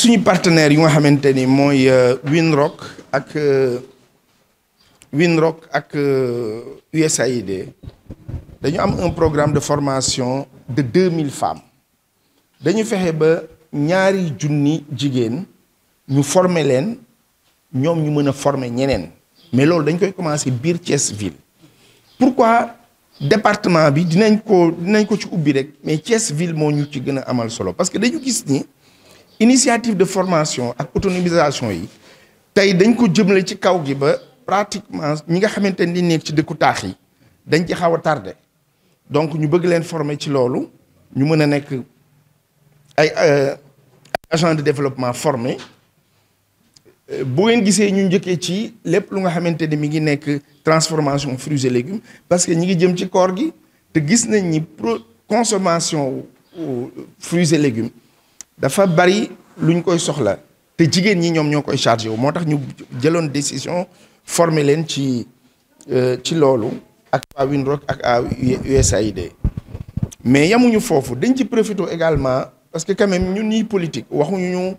suñu partenaire yu nga xamante ni mooy euh, Winrock ak euh, Winrock ak euh, USAID dañu am un programme de formation de deux mille femmes dañu fexe ba ñaari junni jigéen ñu former leen ñoom ñu mën a former ñeneen mais loolu dañ koy commencer biir Thiès ville pourquoi département bi dinañ ko dinañ ko ci ubbi rek mais Thiès ville moo ñu ci gën a amal solo parce que dañu gis ni initiative de formation ak autonomisation yi tey dañ ko jëmale ci kaw gi ba pratiquement ñi nga xamante ni nekk ci dëkku taax yi dañ ci xaw a tardé donc ñu bëgg leen former ci loolu ñu mën a nekk ay euh, agent de développement formé boo ngeen gisee ñu njëkkee ci lépp lu nga xamante ni mi ngi nekk transformation fruits et légumes parce que ñi ngi jëm ci koor gi te gis nañ ni pro consommation fruits et légumes dafa bari luñ koy soxla te jigéen ñi ñoom ñoo koy chargé wu moo tax ñu jëloon décision former leen ci euh, ci loolu ak waa Windhoek ak à USAID mais yamuñu foofu dañ ci profité également parce que quand même ñun ñuy politique waxuñu ñu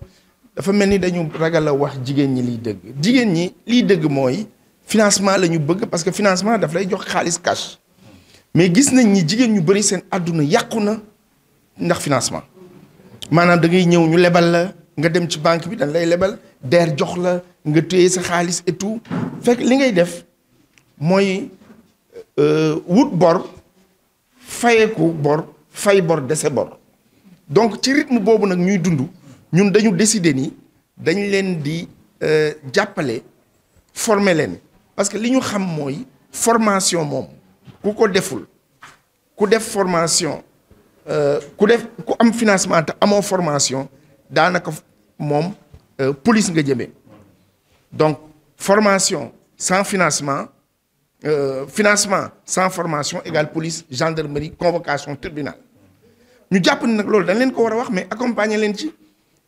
dafa mel ni dañu ragal wax jigéen ñi liy dëgg jigéen ñi liy dëgg mooy financement la ñu bëgg parce que financement daf lay jox xaalis cash mais gis nañ ni jigéen ñu bëri seen àdduna yàqu na ndax financement maanaam da ñëw ñu lebal la nga dem ci banque bi dañ lay lebal der jox la nga téye sa xaalis et tout fekk li ngay def mooy euh, wut bor fayeku bor fay bor dese bor donc ci rythme boobu nag ñuy dund ñun dañu décider ni dañ leen di euh, jàppale former leen parce que li ñu xam mooy formation moom ku ko deful ku def formation Euh, ku def ku am financement te amoo formation daanaka moom euh, police nga jëmee donc formation sans financement euh, financement sans formation égale police gendarmerie convocation tribunal ñu jàpp ni nag loolu dañ leen ko war a wax mais accompagner leen ci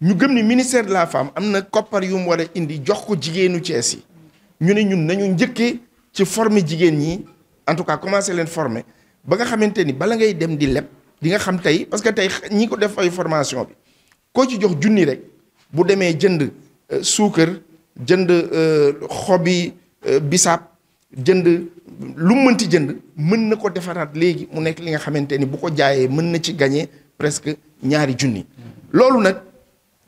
ñu gëm ni ministère de la femme am na coppar yu mu war a indi jox ko jigéenu Cees yi ñu ne ñun nañu njëkkee ci former jigéen ñi en tout cas commencer leen former ba nga xamante ni bala ngay dem di leb di nga xam tey parce que tey ñi ko def ay formation bi koo ci jox junni rek bu demee jënd euh, suukar jënd euh, xobi euh, bisaab jënd lu mënti jënd mën na ko defaraat léegi mu nekk li nga xamante ni bu ko jaayee mën na ci gañe presque ñaari junni loolu nag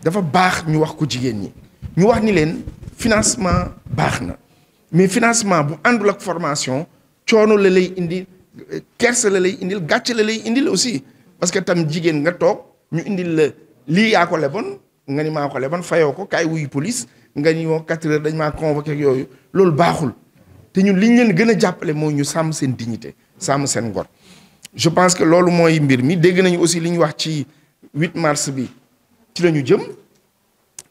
dafa baax ñu wax ko jigéen ñi ñu wax ni leen financement baax na mais financement bu àndul ak formation coono la lay indi kersa la lay indil gàcce la lay indil aussi parce que tam jigéen nga toog ñu indil la lii yaa ko leboon nga ni maa ko leboon fayoo ko kaay wuyu police nga ni woo quatre heures dañ maa convoqué ak yooyu loolu baaxul te ñun liñ leen gën a jàppale mooy ñu sàmm seen dignité sàmm seen ngor je pense que loolu mooy mbir mi dégg nañu aussi li ñu wax ci 8 mars bi ci la ñu jëm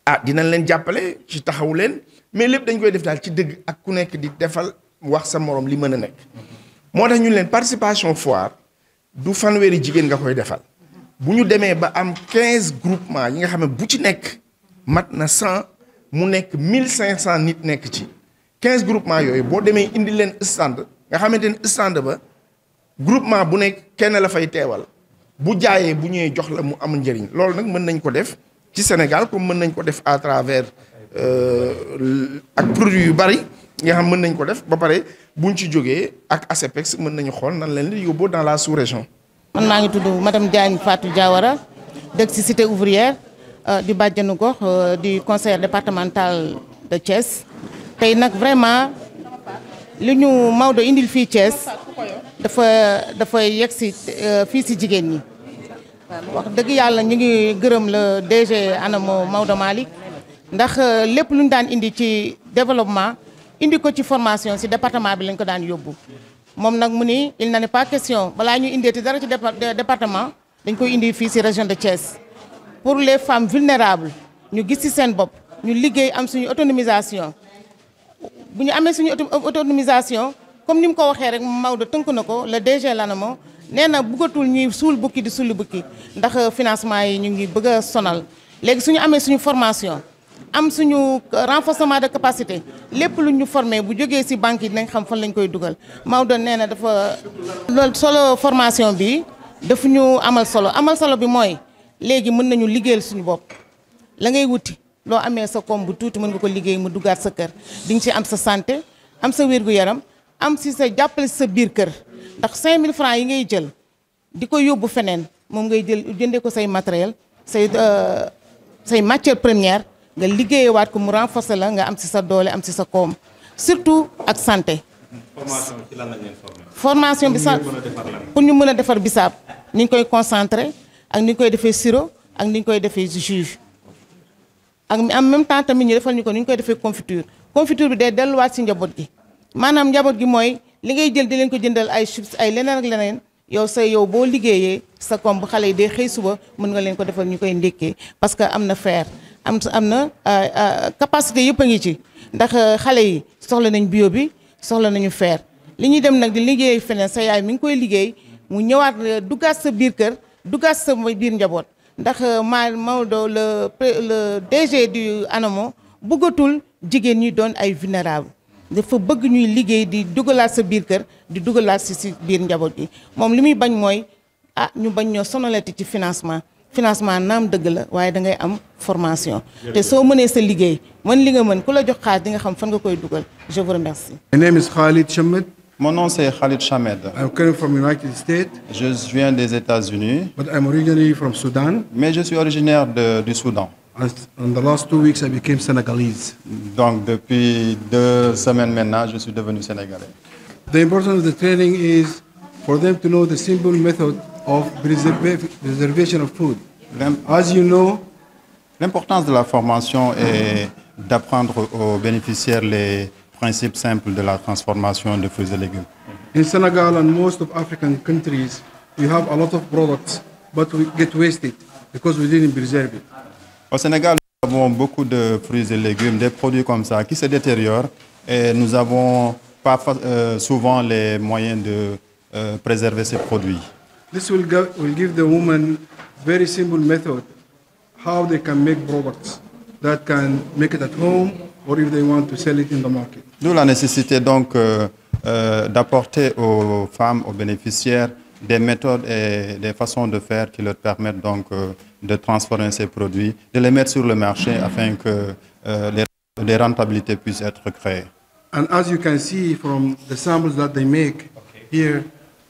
ah dinañ leen jàppale ci taxaw leen mais lépp dañ koy def daal ci dégg ak ku nekk di defal wax sa morom li mën a nekk moo tax ñu leen participation foire du fanweeri jigéen nga koy defal bu ñu demee ba am quinze groupement yi nga xam ne bu ci nekk mat na cent mu nekk mille cinq cent nit nekk ci quinze groupement yooyu boo demee indi leen stand nga xamante ne stand ba groupement bu nekk kenn la fay teewal bu jaayee bu ñëwee jox la mu am njëriñ loolu nag mën nañ ko def ci Sénégal comme mën nañ ko def à travers Euh, ak produit yu bari nga xam mën nañ ko def ba pare buñ ci jógee ak ASEPEX mën nañu xool nan leen di yóbboo dans la sous-région. man maa ngi tudd madame Diagne Fatou Diawara dëkk ci cité ouvrière euh, di bàjjenu gox euh, di conseil départemental de Thiès tey nag vraiment li ñu Maodo indil fii Thiès dafa dafa yegg si fii si jigéen ñi wax dëgg yàlla ñu ngi gërëm la DG ANAMO Maodo Malick. ndax euh, lépp lu ñu daan indi ci développement indi ko ci formation si département bi lañ ko daan yóbbu moom nag mu ni il na est pas question balaa ñu indeeti dara ci département dañ koy indi fii si région de Thiès pour les femmes vulnérables ñu gis ci seen bopp ñu liggéey am suñu autonomisation bu ñu amee suñu autonomisation comme ni mu ko waxee rek Maodo tënk na ko le DG l'ANAMO nee na bëggatul ñuy suul bukki di suuli bukki ndax euh, financement yi ñu ngi bëgg sonal léegi suñu amee suñu formation am suñu euh, renforcement de capacité lépp lu ñu formé bu jógee si banque yi dinañ xam fan lañ koy dugal Maodo nee na dafa. lool solo formation bi daf ñu amal solo amal solo bi mooy léegi mën nañu liggéeyal suñu bopp la ngay wuti loo amee sa comme bu tuuti mën nga ko liggéey mu duggaat sa kër di nga ci am sa santé am sa wér-gu-yaram am si sa jàppale sa biir kër ndax 5000 francs yi ngay jël di ko yóbbu feneen moom ngay jël jëndee ko say matériel say euh, say matière première. nga liggéeyewaat ko mu renforcer la nga am si sa doole am si sa koom surtout ak santé. formation bi ci lan lañ ñu mën a defar bisaab ni ñu koy concentré ak ni ñu koy defee siro ak ni ñu koy defee jus. ak en même temps tamit ñu defal ñu ko ni koy defee confiture confiture bi day delluwaat ci njaboot gi maanaam njaboot gi mooy li ngay jël di leen ko jëndal ay chips ay leneen ak leneen yow sa yow boo liggéeyee sa koom bu xale yi day xëy suba mën nga leen ko defal ñu koy ndékkee parce que am na fer. am am na euh, euh, capacité yëpp a ngi ci ndax euh, xale yi soxla nañ bio bi soxla nañu fer li ñuy dem nag di liggéey feneen sa yaay mi ngi koy liggéey mu ñëwaat duggaat sa biir kër duggaat sa biir njaboot ndax ma Maodo le le du ANAMO bëggatul jigéen ñi doon ay vulnérable dafa bëgg ñuy liggéey di dugalaat sa biir kër di dugalaat si si biir njaboot gi moom li muy bañ mooy ah ñu bañ ñoo sonalati ci financement financement naam dëgg la waaye da ngay am formation. te soo mënee sa liggéey mën li nga mën ku la jox xaalis di nga xam fan nga koy dugal je vous remercie. Khalid Chamed. Mon nom c'est Khalid Chamed. I'm coming from United States. Je viens des États-Unis. But I'm originally from Sudan. Mais je suis originaire de, du Soudan. In the last two weeks I became Senegalese. depuis deux semaines maintenant, je suis devenu sénégalais. The importance of the training of preservation of food. As you know, l'importance de la formation est d'apprendre aux bénéficiaires les principes simples de la transformation de fruits et légumes. In Senegal and most of African countries, we have a lot of products, but we get wasted because de fruits et comme ça qui se détériorent et nous avons euh, souvent les moyens de euh, préserver ces produits. This will, give the woman very simple method how they products that can make it at home or if they want sell it in the market. D'où la nécessité donc euh, euh, d'apporter aux femmes, aux bénéficiaires, des méthodes et des façons de faire qui leur permettent donc euh, de transformer ces produits, de les mettre sur le marché afin que euh, les, rentabilités puissent être créées. And as you can see from the samples that they make here,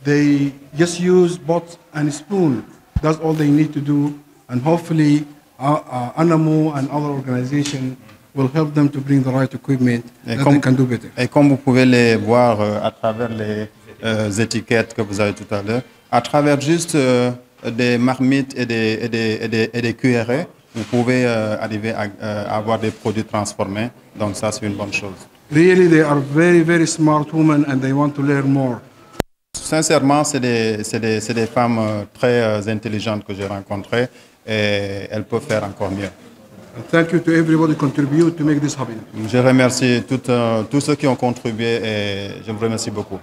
They just use bots and spoon. That's all they need to do. And hopefully, uh, uh, ANAMO and other organizations will help them to bring the right equipment et that they can do better. Et comme vous pouvez les voir euh, à travers les euh, étiquettes que vous avez tout à l'heure, à travers juste euh, des marmites et des, et des, et des, et des cuillerées, vous pouvez euh, arriver à, euh, à avoir des produits transformés. Donc ça, c'est une bonne they are very, smart women and they want to learn more. Sincèrement, c'est des, des, des, femmes euh, très euh, intelligentes que j'ai rencontrées et elles peuvent faire encore mieux. Thank you to everybody contribute to make this happen. Je remercie tout, euh, tous ceux qui ont contribué et je vous remercie beaucoup.